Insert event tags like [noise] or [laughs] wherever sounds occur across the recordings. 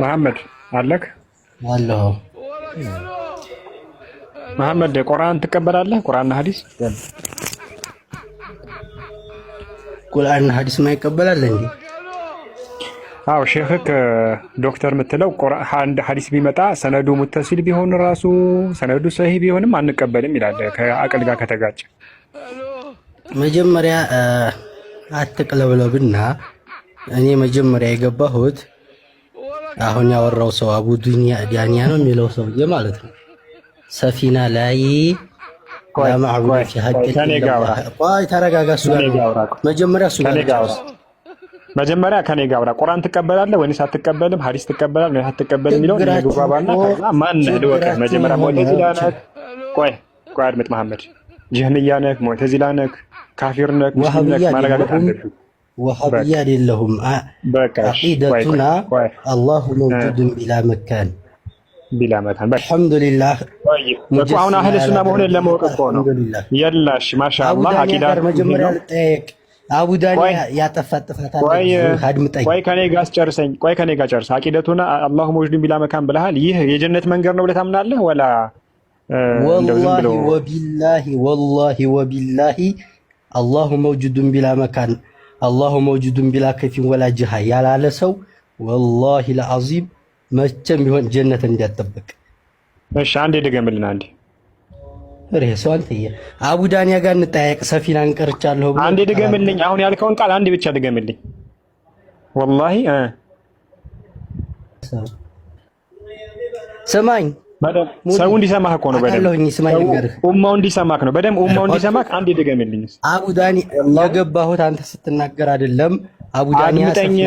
መሐመድ አለክ አለሁ። መሐመድ ቁርአን ትቀበላለህ? ቁርአንና ሐዲስ ቁርአንና ሐዲስ ማይቀበላል እንዴ? አው ሼኽክ ዶክተር የምትለው አንድ ሐዲስ ቢመጣ ሰነዱ ሙተሲል ቢሆን ራሱ ሰነዱ ሰሂህ ቢሆንም አንቀበልም ይላል ከአቅል ጋር ከተጋጨ መጀመሪያ አትቅለብለብና እኔ መጀመሪያ የገባሁት አሁን ያወራው ሰው አቡ ዱኒያ ዳንያ ነው የሚለው ሰውዬ ማለት ነው። ሰፊና ላይ ለማዕቡድ ቆይ ተረጋጋ። እሱ መጀመሪያ እሱ መጀመሪያ ከኔ ጋር አውራ። ቁርአን ትቀበላለህ ወይስ አትቀበልም? ሐዲስ ትቀበላለህ ወይስ አትቀበልም የሚለው እኔ ግባባና ከዛ ማን ልወቅህ። መጀመሪያ ሙዕተዚላ ነህ። ቆይ ቆይ አድምጥ መሐመድ፣ ጀህሚያ ነህ፣ ሙዕተዚላ ነህ ካፊርነት ሙስሊምነት ማረጋገጥ አለብን። ወሀብያ የለሁም አቂደቱና አላሁ መውጁድን ቢላ መካን ቢላ መካን አልሐምዱሊላህ። በቃ አሁን አህለ ሱና መሆን ለማወቅ እኮ ነው። የላሽ ማሻአላህ አቂዳ መጀመሪያ ልጠየቅ አቡዳኒ ያጠፋጥፋታል። ቆይ ከኔ ጋር ጨርሰኝ። ቆይ ከኔ ጋር ጨርሰ አቂደቱና አላሁ መውጁድን ቢላ መካን ብለሃል። ይህ የጀነት መንገድ ነው ብለህ ታምናለህ? ወላ ወላሂ ወቢላሂ ወላሂ ወቢላሂ አላሁ መውጁዱን ቢላ መካን አላሁ መውጁዱን ቢላ ከፊን ወላ ጅሃ ያላለ ሰው ወላሂ ለአዚም መቼም ቢሆን ጀነት እንዳትጠብቅ። እሺ አንዴ ድገምልን። አንዴ ርዕሱ አንተዬ አቡ ዳንያ ጋር እንጠያየቅ። ሰፊና እንቀርቻለሁ። አንዴ ድገምልኝ። አሁን ያልከውን ቃል አንዴ ብቻ ድገምልኝ። ወላሂ ስማኝ ሰው እንዲሰማህ እኮ ነው። በደምብ ኡማው እንዲሰማህ ነው። በደምብ ኡማው እንዲሰማህ አንድ ድገምልኝ። አቡዳኒ የገባሁት አንተ ስትናገር አይደለም። አቡዳኒ ከኔ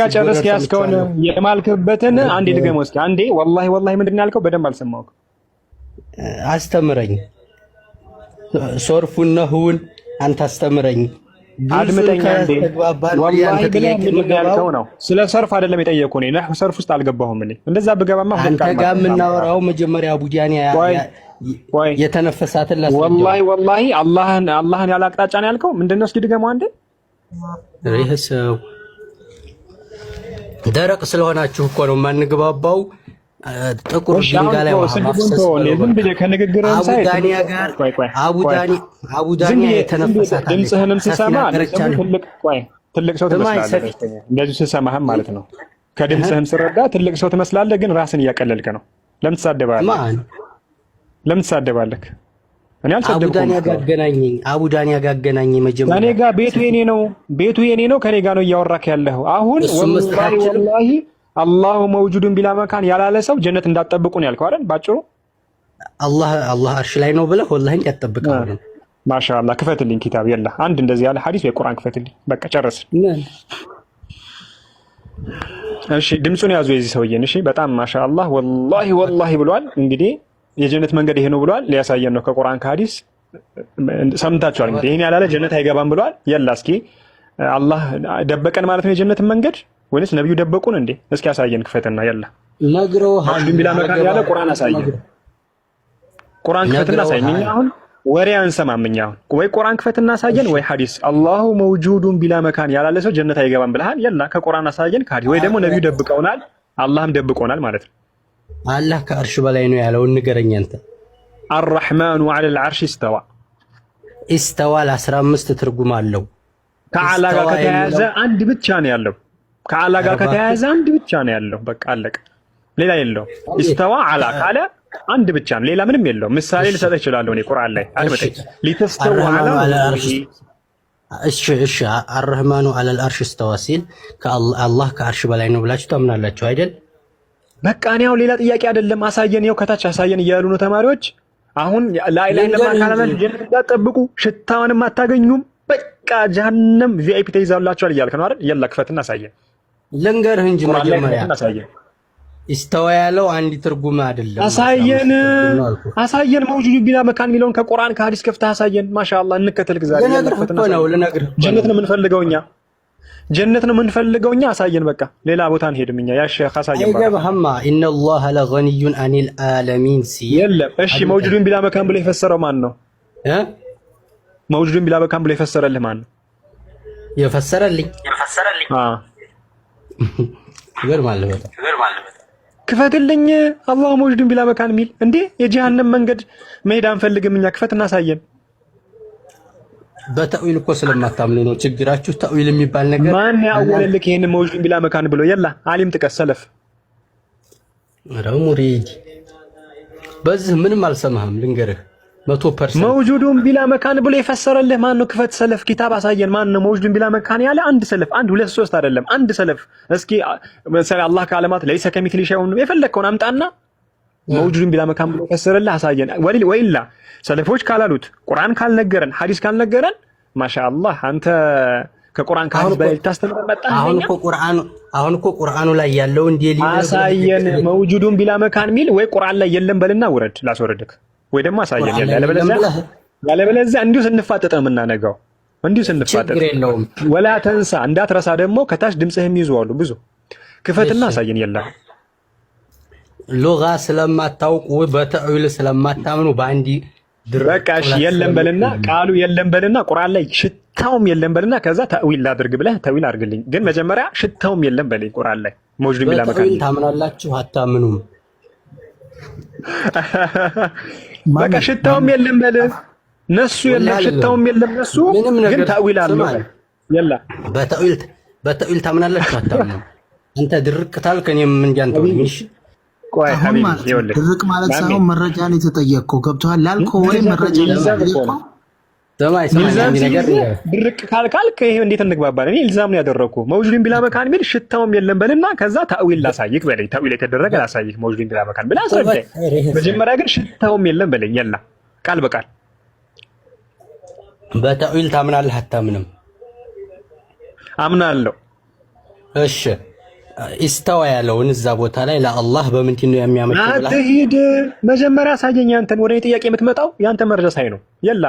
ጋር ጨርስ። ያስከውን የማልክበትን አንድ ድገመው እስኪ አንዴ። ወላሂ ወላሂ ምንድን ነው ያልከው? በደምብ አልሰማሁም። አስተምረኝ። ሶርፉን ነህውን አንተ አስተምረኝ። ስለ ሰርፍ አይደለም የጠየቁ እኔ ነህ ሰርፍ ውስጥ አልገባሁም። እኔ እንደዛ ብገባማ አንተ ጋር የምናወራው መጀመሪያ ቡጃኒ የተነፈሳትን ወላሂ ወላሂ አላህን አላህን ያለ አቅጣጫ ነው ያልከው። ምንድን ነው እስኪ ድገመው አንዴ። ይህ ሰው ደረቅ ስለሆናችሁ እኮ ነው የማንግባባው። ጥቁር ድንጋይ ላይ ውሃ ማፍሰስ አቡዳኒያ የተነፈሳት ድምፅህንም ስሰማ ትልቅ ሰው ትመስላለህ። ስሰማህም ማለት ነው ከድምፅህም ስረዳ ትልቅ ሰው ትመስላለህ። ግን ራስን እያቀለልክ ነው። ለምን ትሳደባለህ? ለምን ትሳደባለህ? እኔ አልሰደብኩም። አቡዳኒያ ጋር መጀመሪያ እኔ ጋር ቤቱ የኔ ነው፣ ቤቱ የኔ ነው። ከኔ ጋር ነው እያወራክ ያለኸው አሁን ወላሂ አላሁ መውጁዱን ቢላ መካን ያላለ ሰው ጀነት እንዳትጠብቁ ነው ያልከው አይደል? ባጭሩ አላህ አላህ አርሽ ላይ ነው ብለህ ወላሂ እንዳትጠብቀው ማሻአላህ ክፈትልኝ ኪታብ የለ አንድ እንደዚህ ያለ ሐዲስ ወይ ቁርአን ክፈትልኝ። በቃ ጨረስን። እሺ ድምፁን ያዙ የዚህ ሰውዬን። እሺ በጣም ማሻአላህ ወላሂ ወላሂ ብሏል። እንግዲህ የጀነት መንገድ ይሄ ነው ብሏል። ሊያሳየን ነው ከቁርአን ከሐዲስ ሰምታችኋል። እንግዲህ ይሄን ያላለ ጀነት አይገባም ብሏል። የላ እስኪ አላህ ደበቀን ማለት ነው የጀነትን መንገድ ወይስ ነብዩ ደበቁን እንዴ? እስኪ ያሳየን ክፈትና ያለ ነግሮ አንዱ ቢላ መካን ያለ ቁርአን አሳየን። ቁርአን ክፈትና አሳየን። እኛ አሁን ወሬ አንሰማም። እኛ አሁን ወይ ቁርአን ክፈትና አሳየን ወይ ሐዲስ። አላሁ መውጁዱን ቢላ መካን ያላለ ሰው ጀነት አይገባም ብለሃል። ያላ ከቁርአን አሳየን ከሐዲስ ወይ ደግሞ ነብዩ ደብቀውናል፣ አላህም ደብቆናል ማለት ነው። አላህ ከአርሽ በላይ ነው ያለውን ንገረኝ አንተ። አርራህማኑ ዐለል አርሽ ኢስተዋ ኢስተዋ ለ15 ትርጉም አለው። ከአላ ጋር ከተያያዘ አንድ ብቻ ነው ያለው ከአላ ጋር ከተያያዘ አንድ ብቻ ነው ያለው። በቃ አለቀ። ሌላ የለውም። ኢስተዋ አላ ካለ አንድ ብቻ ነው፣ ሌላ ምንም የለውም። ምሳሌ ልሰጠ እችላለሁ እኔ ቁርአን ላይ አድምጠኝ። ሊተስተዋ አላ እሺ፣ እሺ አረህማኑ አለል አርሽ እስተዋ ሲል አላህ ከአርሽ በላይ ነው ብላችሁ ታምናላችሁ አይደል? በቃ እኔ ያው ሌላ ጥያቄ አይደለም። አሳየን፣ ያው ከታች አሳየን እያሉ ነው ተማሪዎች። አሁን ላይላይ ለማካላመል እንዳትጠብቁ፣ ሽታውንም አታገኙም። በቃ ጀሀነም ቪአይፒ ተይዛላችኋል እያልክ ነው አይደል? የላ ክፈትና አሳየን ልንገርህ እንጂ መጀመሪያ ይስተዋያለው አንድ ትርጉም አይደለም። አሳየን አሳየን መውጁዱ ቢላ መካን የሚለውን ከቁርአን ከሐዲስ ከፍታ አሳየን። ማሻአላህ እንከተል። ግዛት ጀነት ነው የምንፈልገው እኛ ጀነት ነው የምንፈልገው እኛ። አሳየን በቃ ሌላ ቦታ እንሄድም እኛ። ያ ሼህ አሳየን በቃ ኢነላህ ለገኒዩን አኒል ዓለሚን ሲ የለም። እሺ መውጁዱን ቢላ መካን ብሎ የፈሰረው ማን ነው እ መውጁዱን ቢላ መካን ብሎ የፈሰረልህ ማን ነው የፈሰረልኝ? የፈሰረልኝ አዎ ይገርማል። ክፈትልኝ አላህ ሞጅዱን ቢላ መካን ሚል እንዴ! የጀሃነም መንገድ መሄድ አንፈልግም እኛ ክፈት እናሳየን። በተዊል እኮ ስለማታምኑ ነው ችግራችሁ። ተዊል የሚባል ነገር ማን ያወለልክ ይሄን ሞጅዱን ቢላ መካን ብሎ የላ አሊም ጥቀስ፣ ሰለፍ ረሙሪድ በዚህ ምንም አልሰማህም፣ ልንገርህ መቶ ፐርሰንት መውጁዱን ቢላ መካን ብሎ የፈሰረልህ ማን ነው? ክፈት ሰለፍ ኪታብ አሳየን። ማን ነው መውጁዱን ቢላ መካን ያለ? አንድ ሰለፍ፣ አንድ ሁለት ሶስት አይደለም፣ አንድ ሰለፍ። እስኪ መሰለ አላህ ከዓለማት ለይሰ ከሚስሊሂ ሸይኡን የፈለግከውን አምጣና መውጁዱን ቢላ መካን ብሎ የፈሰረልህ አሳየን። ወሊል ወይላ ሰለፎች ካላሉት ቁርአን ካልነገረን ሐዲስ ካልነገረን ማሻአላህ አንተ ከቁርአን ካሁን በልታስተምር መጣ። አሁን እኮ ቁርአን አሁን እኮ ቁርአኑ ላይ ያለው እንዲህ ሊል መውጁዱን ቢላ መካን ሚል ወይ ቁርአን ላይ የለም በልና ውረድ ላስወረድክ ወይ ደግሞ አሳየን። ያለበለዚያ እንዲሁ ስንፋጠጥ ነው የምናነጋው። እንዲሁ ስንፋጠጥ ወላ ተንሳ እንዳትረሳ። ደግሞ ከታች ድምፅህም ይዘዋሉ ብዙ። ክፈትና አሳየን። የለም ሉጋ ስለማታውቁ በተዊል ስለማታምኑ በአንዲ በቃሽ የለም በልና ቃሉ የለም በልና ቁርአን ላይ ሽታውም የለም በልና ከዛ ተዊል ላድርግ ብለህ ተዊል አድርግልኝ። ግን መጀመሪያ ሽታውም የለም በልኝ ቁርአን ላይ ሞጅዱ ሚላ መካን ታምናላችሁ አታምኑም [laughs] በቃ ሽታውም የለም በል ነሱ የለም ሽታውም የለም ነሱ ግን ታዊል አለ የላ በታዊል በታዊል ታምናላችሁ አታምኑ አንተ ድርቅ ታልክ እኔ ምን እንጃን ተውልሽ ቆይ ሀቢብ ድርቅ ማለት ሳይሆን መረጃ ነው የተጠየቅከው ገብቶሃል ላልከው ወይ መረጃ ነው የተጠየቅከው ድርቅ ካልካልክ ይሄ እንዴት እንግባባለን? እኔ ኢልዛም ያደረግኩ መውጁድን ቢላ መካን የሚል ሽታውም የለም በልና ከዛ ታዊል ላሳይክ በለኝ። ታዊል የተደረገ ላሳይክ መውጁድን ቢላ መካን ብለህ አስረዳኝ። መጀመሪያ ግን ሽታውም የለም በለኝ። የላ ቃል በቃል በታዊል ታምናለህ አታምንም? አምናለሁ። እሺ ኢስተዋ ያለውን እዛ ቦታ ላይ ለአላህ በምንድን ነው የሚያመልከው? አትሂድ መጀመሪያ ሳየኝ ያንተን ወደ እኔ ጥያቄ የምትመጣው ያንተ መረጃ ሳይ ነው። የላ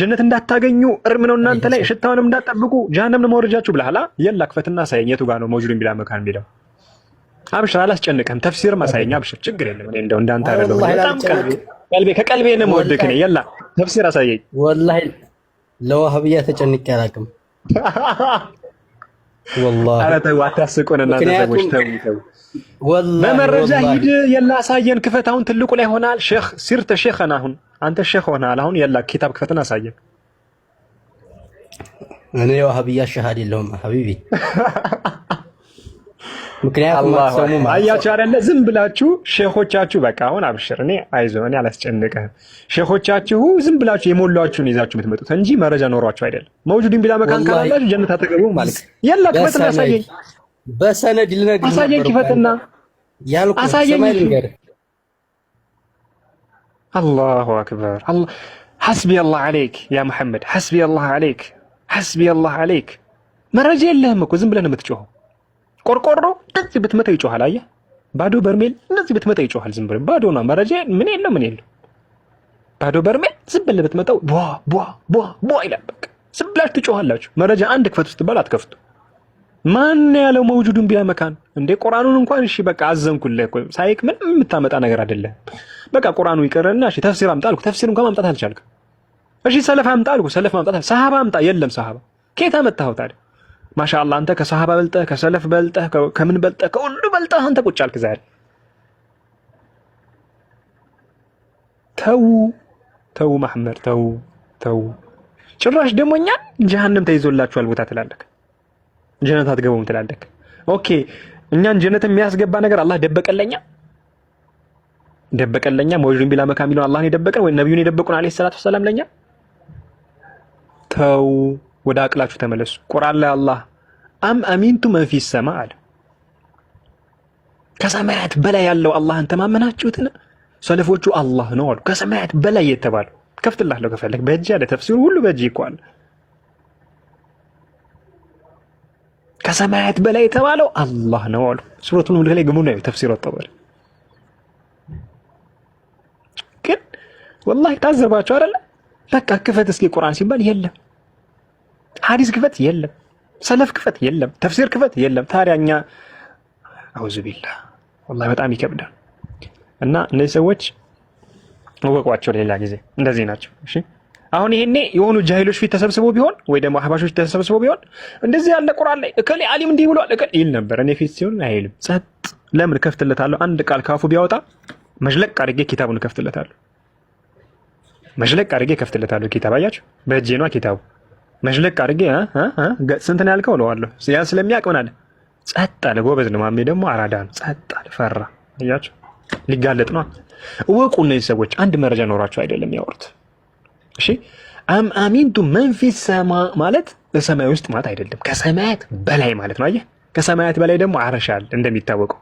ጀነት እንዳታገኙ እርም ነው እናንተ ላይ ሽታውንም እንዳጠብቁ ጀሃነም ነው መውረጃችሁ ብለሃላ። የላ ክፈትና ሳየኝ የቱ ጋር ነው መውጁድን ቢላ መካን ቢለው አብሽር፣ አላስጨንቅህም። ተፍሲር ማሳየኝ አብሽር፣ ችግር የለም። እኔ እንደው እንዳንተ አይደለም። በጣም ቀልቤ ከቀልቤ ነው የምወድክ እኔ። የላ ተፍሲር አሳየኝ። ወላሂ ለዋህብያ ተጨንቄ አላውቅም። [laughs] ኧረ ተው አታስቁን እናንተ ሰዎች ተው ተው። በመረጃ ሂድ የላሳየን ክፈት። አሁን ትልቁ ላይ ሆናል። ሼህ ሲርተ ሼኸን አሁን አንተ ሼህ ሆናል። አሁን የላ ኪታብ ክፈትን አሳየን። እኔ የዋህብያ ሼህ አይደለሁም ሀቢቢ [laughs] ምክንያቱም አያችሁ አይደለ? ዝም ብላችሁ ሼሆቻችሁ በቃ አሁን አብሽር፣ እኔ አይዞህ፣ እኔ አላስጨንቅህም። ሼሆቻችሁ ዝም ብላችሁ የሞሏችሁን ይዛችሁ የምትመጡት እንጂ መረጃ ኖሯችሁ አይደለም። መውጁድን ቢላ መካን ካላላችሁ ጀነት አጠገቡ ማለት የላ ክፈትና አሳየኝ፣ በሰነድ ልነግርህ አሳየኝ፣ ክፈትና አሳየኝ። አላሁ አክበር። ሐስቢ አላህ አለይክ ያ መሐመድ፣ ሐስቢ አላህ አለይክ፣ ሐስቢ አላህ አለይክ። መረጃ የለህም እኮ ዝም ብለህ የምትጮኸው ቆርቆሮ እንደዚህ ብትመታ ይጮሃል። አየህ ባዶ በርሜል እንደዚህ ብትመታ ይጮሃል። ዝም ብለህ ባዶ ነው መረጃ ምን የለው ምን የለው ባዶ በርሜል ዝም ብለህ ብትመታው ቧ ቧ ቧ ቧ ይላል። በቃ ዝም ብላችሁ ትጮሃላችሁ። መረጃ አንድ ክፈት ውስጥ ስትባል አትከፍቱ። ማን ያለው መውጁዱን ቢላ መካን እንዴ? ቁርአኑን እንኳን እሺ በቃ አዘንኩልህ እኮ ሳይክ ምንም የምታመጣ ነገር አይደለም። በቃ ቁርአኑ ይቀርና እሺ ተፍሲር አምጣ አልኩ፣ ተፍሲር እንኳን ማምጣት አልቻልክም። እሺ ሰለፍ አምጣ አልኩ፣ ሰለፍ ማምጣት ሰሃባ አምጣ፣ የለም ሰሃባ ከየት አመጣኸው ታዲያ? ማሻአላ አንተ ከሰሃባ በልጠህ ከሰለፍ በልጠህ ከምን በልጠህ ከሁሉ በልጠህ አንተ ቁጭ አልክ ዛሬ። ተው ተው ማህመድ ተው ተው። ጭራሽ ደግሞ እኛ ጀሃነም ተይዞላችኋል ቦታ ትላለህ፣ ጀነት አትገቡም ትላለህ። ኦኬ እኛን ጀነት የሚያስገባ ነገር አላህ ደበቀለኛ ደበቀለኛ መወጁን ቢላ መካ የሚለውን አላህን የደበቀን ወይ ነብዩን የደበቁን አለይሂ ሰላቱ ሰላም ለኛ ተው ወደ አቅላችሁ ተመለሱ። ቁርአን ላይ አላህ አም አሚንቱ መንፊ ሰማ አለ። ከሰማያት በላይ ያለው አላህን ተማመናችሁትን? ሰለፎቹ አላህ ነው አሉ። ከሰማያት በላይ የተባለው ከፍትላለሁ ከፈለግ በእጅ አለ። ተፍሲሩ ሁሉ በእጅ ይኳል። ከሰማያት በላይ የተባለው አላህ ነው አሉ። ሱረቱን ሁሉ ላይ ግሙ ነው ተፍሲሩ ተባለ። ግን ወላሂ ታዘባቸው አይደለ? በቃ ክፈት እስኪ ቁርአን ሲባል የለም ሀዲስ ክፈት የለም፣ ሰለፍ ክፈት የለም፣ ተፍሲር ክፈት የለም። ታዲያ እኛ አውዝ ቢላ ወላሂ በጣም ይከብዳል። እና እነዚህ ሰዎች እወቋቸው ለሌላ ጊዜ እንደዚህ ናቸው። እሺ አሁን ይሄኔ የሆኑ ጃሂሎች ፊት ተሰብስቦ ቢሆን ወይ ደግሞ አህባሾች ተሰብስቦ ቢሆን እንደዚህ ያለ ቁርአን ላይ እከሌ አሊም እንዲህ ብሏል እከሌ ይል ነበር። እኔ ፊት ሲሆን አይልም። ጸጥ ለምን ከፍትለታለሁ? አንድ ቃል ካፉ ቢያወጣ መሽለቅ አድርጌ ኪታቡን ከፍትለታለሁ። መሽለቅ አድርጌ ከፍትለታለሁ። ኪታብ አያችሁ፣ በእጄ ነዋ ኪታቡ መሽለቅ አድርጌ ስንት ነው ያልከው እለዋለሁ። ያን ስለሚያውቅ ምን አለ ጸጥ አለ። ጎበዝ ነው። ማሜ ደግሞ አራዳ ነው። ጸጥ አለ። ፈራ። እያቸው ሊጋለጥ ነው። እወቁ፣ እነዚህ ሰዎች አንድ መረጃ ኖሯቸው አይደለም ያወሩት። እሺ አም አሚንቱ መንፊስ ሰማ ማለት በሰማይ ውስጥ ማለት አይደለም፣ ከሰማያት በላይ ማለት ነው። አየህ፣ ከሰማያት በላይ ደግሞ አርሽ አለ። እንደሚታወቀው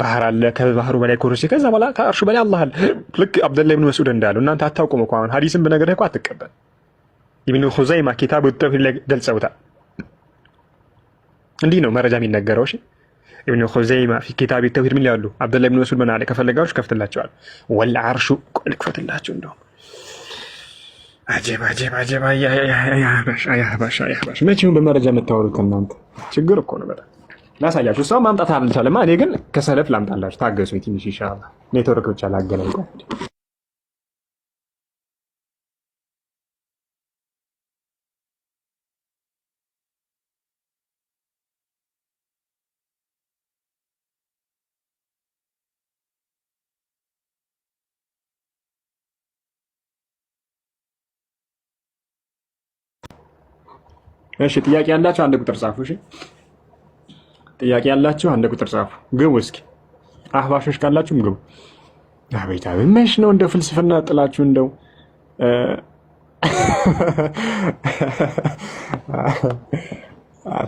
ባህር አለ፣ ከባህሩ በላይ ኩርሲ፣ ከዛ በኋላ ከአርሹ በላይ አላህ አለ። ልክ አብደላ ብን መስዑድ እንዳሉ እናንተ አታውቁም እኮ አሁን ሀዲስን ብነገርህ እኮ አትቀበል ኢብኑ ሁዘይማ ኪታቡ ተውሂድ ላይ ገልጸውታል። እንዲህ ነው መረጃ የሚነገረው። እሺ ኢብኑ ሁዘይማ ፊ ኪታቢ ተውሂድ ምን ያሉ አብደላ ብን መስዑድ ምን አለ? ከፈለጋችሁ ከፍትላቸዋል። ወል አርሹ ልክፈትላችሁ። እንደውም አጀብ አጀብ አጀብ! ያባሻ መቼም በመረጃ የምታወሩት እናንተ ችግር እኮ ነው በጣም ላሳያችሁ። እሷ ማምጣት አልቻለማ። እኔ ግን ከሰለፍ ላምጣላችሁ። ታገሱ ትንሽ ይሻላል። ኔትወርክ ብቻ ላገናኝ እሺ ጥያቄ ያላችሁ አንድ ቁጥር ጻፉ። እሺ ጥያቄ ያላችሁ አንድ ቁጥር ጻፉ። ግቡ እስኪ አህባሾች ካላችሁም ግቡ። አቤት አቤት መች ነው እንደ ፍልስፍና ጥላችሁ እንደው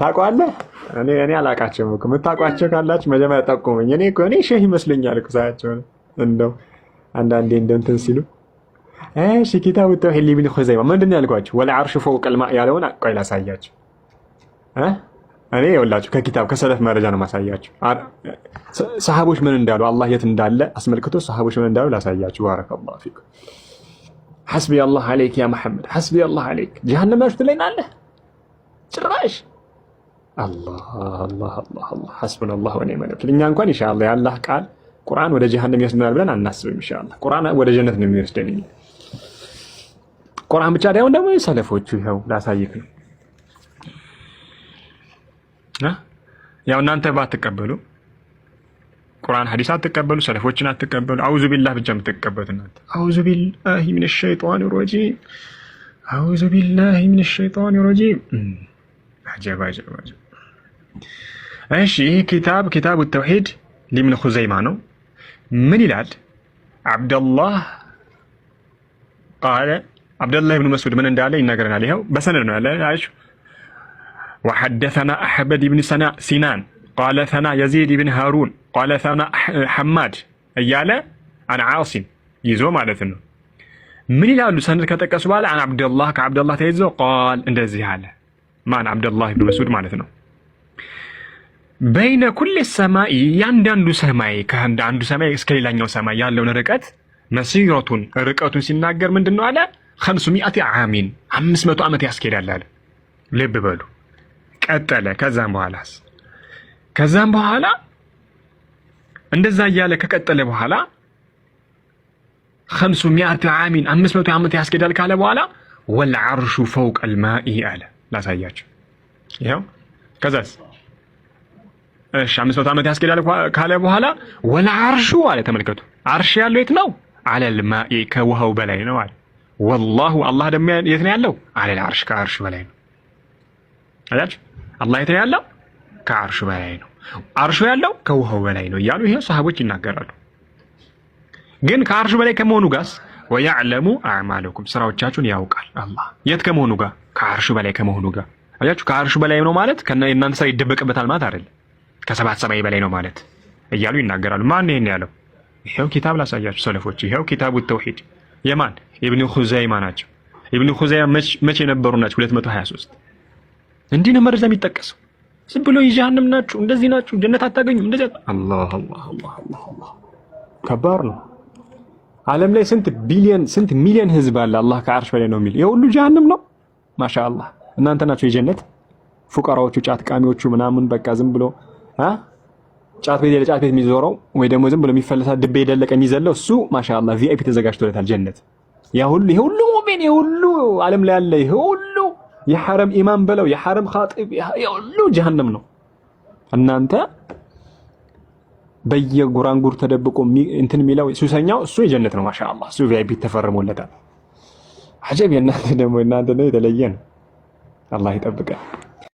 ታውቀዋለህ? እኔ እኔ አላውቃቸውም እኮ የምታውቋቸው ካላችሁ መጀመሪያ ጠቁሙኝ። እኔ እኮ እኔ ሼህ ይመስለኛል እኮ ሳያቸው እንደው አንዳንዴ እንደው እንትን ሲሉ እሺ ኪታቡ ተውሂድ ሊብን ኹዘይማ ምንድን ነው ያልኳችሁ? ወል አርሹ ፈውቀ አልማ ያለውን ቆይ ላሳያችሁ። እኔ ይኸውላችሁ ከኪታብ ከሰለፍ መረጃ ነው ማሳያችሁ። ሰሃቦች ምን እንዳሉ አላህ የት እንዳለ አስመልክቶ ሰሃቦች ምን እንዳሉ ላሳያችሁ። ባረከላሁ ፊኩም። ሐስቢ አላህ አለይክ ያ መሐመድ፣ ሐስቢ አላህ አለይክ። ጀሃነም ያሹት ላይ ጭራሽ አላህ አላህ ወኒዕመል ወኪል። እኛ እንኳን ኢንሻአላህ የአላህ ቃል ቁርአን ወደ ጀሃነም ይወስደናል ብለን አናስብም። ኢንሻአላህ ቁርአን ወደ ጀነት ነው የሚወስደን። ቁርአን ብቻ ዳይሆን ደግሞ የሰለፎቹ ይኸው ላሳይክ ነው። ያው እናንተ ባትቀበሉ ቁርአን ሐዲስ አትቀበሉ፣ ሰለፎችን አትቀበሉ። አውዙ ቢላህ ብቻ የምትቀበሉት እናንተ አውዙ ቢላህ ሚነ ሸይጣን ረጂም፣ አውዙ ቢላህ ሚነ ሸይጣን ረጂም። አጀባ አጀባ። እሺ ይህ ኪታብ ኪታቡ ተውሂድ ሊምን ኹዘይማ ነው። ምን ይላል? አብደላህ ቃለ አብደላህ ብኑ መስዑድ ምን እንዳለ ይናገረናል። ይኸው በሰነድ ነው ያለ። አያችሁ ወሐደሰና አሕመድ ብን ሰና ሲናን ቃለ ሰና የዚድ ብን ሃሩን ቃለ ሰና ሐማድ እያለ አን ዓሲም ይዞ ማለት ነው። ምን ይላሉ? ሰነድ ከጠቀሱ በኋላ አን አብደላህ ከአብደላህ ተይዞ ቃል እንደዚህ አለ። ማን አብደላህ ብኑ መስዑድ ማለት ነው። በይነ ኩል ሰማይ ያንዳንዱ ሰማይ ከአንዱ ሰማይ እስከ ሌላኛው ሰማይ ያለውን ርቀት መሲረቱን ርቀቱን ሲናገር ምንድን ነው አለ ከምሱ ሚአት ዓሚን አምስት መቶ ዓመት ያስኬዳል አለ። ልብ በሉ ቀጠለ። ከዛም በኋላስ ከዛም በኋላ እንደዛ እያለ ከቀጠለ በኋላ ከምሱ ሚአት ዓሚን አምስት መቶ ዓመት ያስኬዳል ካለ በኋላ ወልዓርሹ ፈውቅ አልማኢ አለ። ላሳያቸው ይኸው። ከዛስ እሺ አምስት መቶ ዓመት ያስኬዳል ካለ በኋላ ወልዓርሹ አለ። ተመልከቱ፣ አርሽ ያለው የት ነው? አለልማኢ ከውሃው በላይ ነው አለ ወላሁ አላህ ደግሞ የት ነው ያለው? አለል አርሽ ከአርሽ በላይ ነው። አያችሁ አላህ የት ነው ያለው? ከአርሹ በላይ ነው። አርሹ ያለው ከውሃው በላይ ነው እያሉ ይሄ ሰሃቦች ይናገራሉ። ግን ከአርሹ በላይ ከመሆኑ ጋስ ወያዕለሙ አዕማለኩም ስራዎቻችሁን ያውቃል አላህ። የት ከመሆኑ ጋር? ከአርሹ በላይ ከመሆኑ ጋር። አያችሁ ከአርሹ በላይ ነው ማለት የእናንተ ስራ ይደበቅበታል ማለት አይደለም። ከሰባት ሰማይ በላይ ነው ማለት እያሉ ይናገራሉ። ማን ይሄን ያለው? ይኸው ኪታብ ላሳያችሁ ሰለፎች፣ ይኸው ኪታቡ ተውሂድ የማን ኢብኑ ኹዘይማ ናቸው። ኢብኑ ኹዘይማ መቼ የነበሩ ናቸው? 223 እንዲህ ነው መረጃ የሚጠቀሰው። ዝም ብሎ የጀሃነም ናችሁ፣ እንደዚህ ናችሁ፣ ጀነት አታገኙ እንደዚህ አላህ አላህ አላህ አላህ። ከባድ ነው። ዓለም ላይ ስንት ቢሊየን ስንት ሚሊየን ህዝብ አለ። አላህ ከአርሽ በላይ ነው የሚል የሁሉ ጀሃነም ነው። ማሻአላህ እናንተ ናችሁ የጀነት ፉቀራዎቹ፣ ጫትቃሚዎቹ ምናምን በቃ ዝም ብሎ ጫት ቤት የለ ጫት ቤት የሚዞረው ወይ ደግሞ ዝም ብሎ የሚፈለሳ ድቤ የደለቀ የሚዘለው እሱ ማሻአላ ቪአይፒ ተዘጋጅቶለታል ጀነት። ያ ሁሉ ይሄ ሁሉ ሙእሚን ይሄ ሁሉ ዓለም ላይ ያለ ይሄ ሁሉ የሐረም ኢማም በለው የሐረም ኻጢብ ይሄ ሁሉ ጀሃነም ነው። እናንተ በየጉራንጉር ተደብቆ እንትን የሚለው ሱሰኛው እሱ የጀነት ነው። ማሻአላ እሱ ቪአይፒ ተፈርሞለታል። አጀብ! የእናንተ ደግሞ እናንተ ነው የተለየ ነው። አላህ ይጠብቀን።